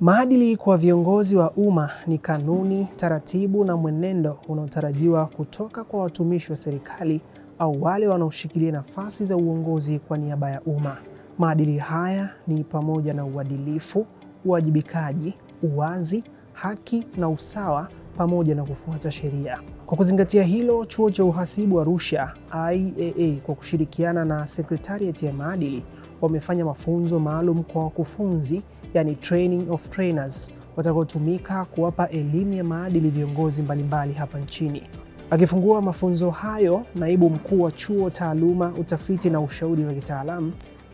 Maadili kwa viongozi wa umma ni kanuni, taratibu na mwenendo unaotarajiwa kutoka kwa watumishi wa serikali au wale wanaoshikilia nafasi za uongozi kwa niaba ya umma. Maadili haya ni pamoja na uadilifu, uwajibikaji, uwazi, haki na usawa pamoja na kufuata sheria. Kwa kuzingatia hilo, Chuo cha Uhasibu Arusha IAA kwa kushirikiana na Sekretarieti ya Maadili wamefanya mafunzo maalum kwa wakufunzi yani training of trainers watakaotumika kuwapa elimu ya maadili viongozi mbalimbali hapa nchini. Akifungua mafunzo hayo, naibu mkuu wa chuo taaluma, utafiti na ushauri wa kitaalamu,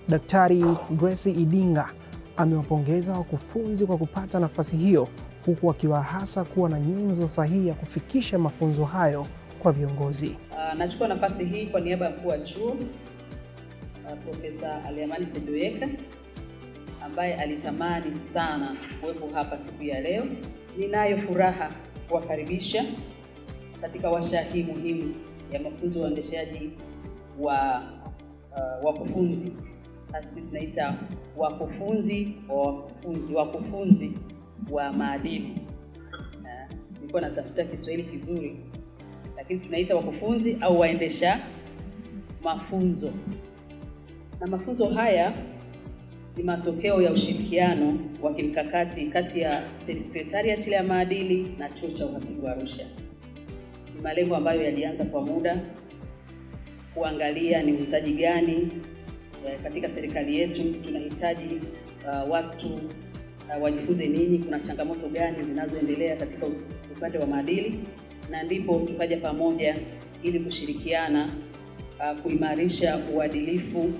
Daktari Grace Idinga amewapongeza wakufunzi kwa kupata nafasi hiyo, huku akiwahasa kuwa na nyenzo sahihi ya kufikisha mafunzo hayo kwa viongozi. Uh, nachukua nafasi hii kwa niaba ya mkuu wa chuo uh, Profesa Aliamani Sedueka ambaye alitamani sana kuwepo hapa siku ya leo. Ninayo furaha kuwakaribisha katika washa hii muhimu ya mafunzo ya uendeshaji wa uh, wakufunzi hasa tunaita wakufunzi wa wakufunzi wakufunzi wa maadili. Uh, nilikuwa uh, natafuta Kiswahili kizuri, lakini tunaita wakufunzi au waendesha mafunzo, na mafunzo haya ni matokeo ya ushirikiano wa kimkakati kati ya Sekretariati ya Maadili na Chuo cha Uhasibu Arusha. Ni malengo ambayo yalianza kwa muda kuangalia ni uhitaji gani eh, katika serikali yetu, tunahitaji uh, watu uh, wajifunze nini, kuna changamoto gani zinazoendelea katika upande wa maadili, na ndipo tukaja pamoja ili kushirikiana uh, kuimarisha uadilifu,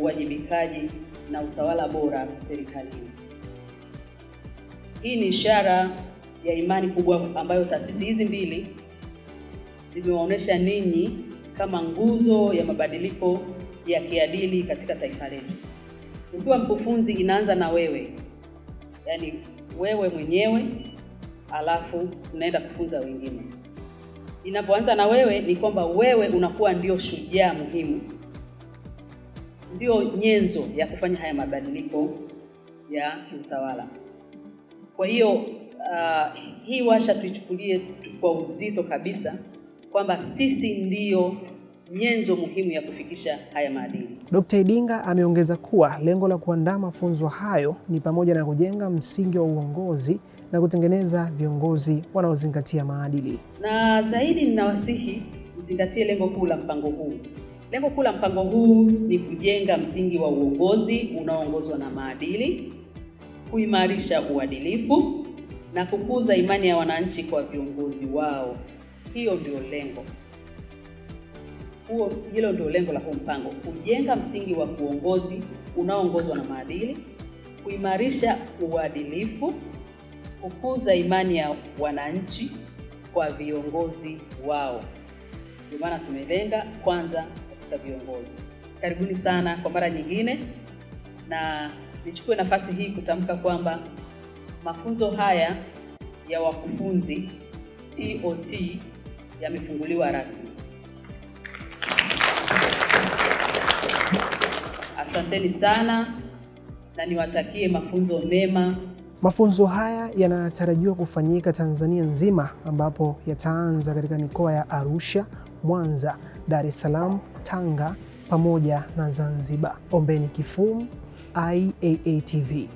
uwajibikaji na utawala bora serikalini. Hii ni ishara ya imani kubwa ambayo taasisi hizi mbili zimewaonyesha ninyi kama nguzo ya mabadiliko ya kiadili katika taifa letu. Ukiwa mkufunzi, inaanza na wewe, yaani wewe mwenyewe, alafu unaenda kufunza wengine. Inapoanza na wewe, ni kwamba wewe unakuwa ndio shujaa muhimu ndio nyenzo ya kufanya haya mabadiliko ya utawala. Kwa hiyo uh, hii washa tuichukulie kwa uzito kabisa kwamba sisi ndiyo nyenzo muhimu ya kufikisha haya maadili. Dkt. Idinga ameongeza kuwa lengo la kuandaa mafunzo hayo ni pamoja na kujenga msingi wa uongozi na kutengeneza viongozi wanaozingatia maadili. Na zaidi ninawasihi mzingatie lengo kuu la mpango huu. Lengo kuu la mpango huu ni kujenga msingi wa uongozi unaoongozwa na maadili, kuimarisha uadilifu na kukuza imani ya wananchi kwa viongozi wao. Hiyo ndio lengo huo, hilo ndio lengo la huu mpango, kujenga msingi wa uongozi unaoongozwa na maadili, kuimarisha uadilifu, kukuza imani ya wananchi kwa viongozi wao. Ndio maana tumelenga kwanza za viongozi. Karibuni sana kwa mara nyingine, na nichukue nafasi hii kutamka kwamba mafunzo haya ya wakufunzi TOT yamefunguliwa rasmi. Asanteni sana na niwatakie mafunzo mema. Mafunzo haya yanatarajiwa kufanyika Tanzania nzima ambapo yataanza katika mikoa ya Arusha, Mwanza Dar es Salaam, Tanga pamoja na Zanzibar. Ombeni Kifumu, IAA TV.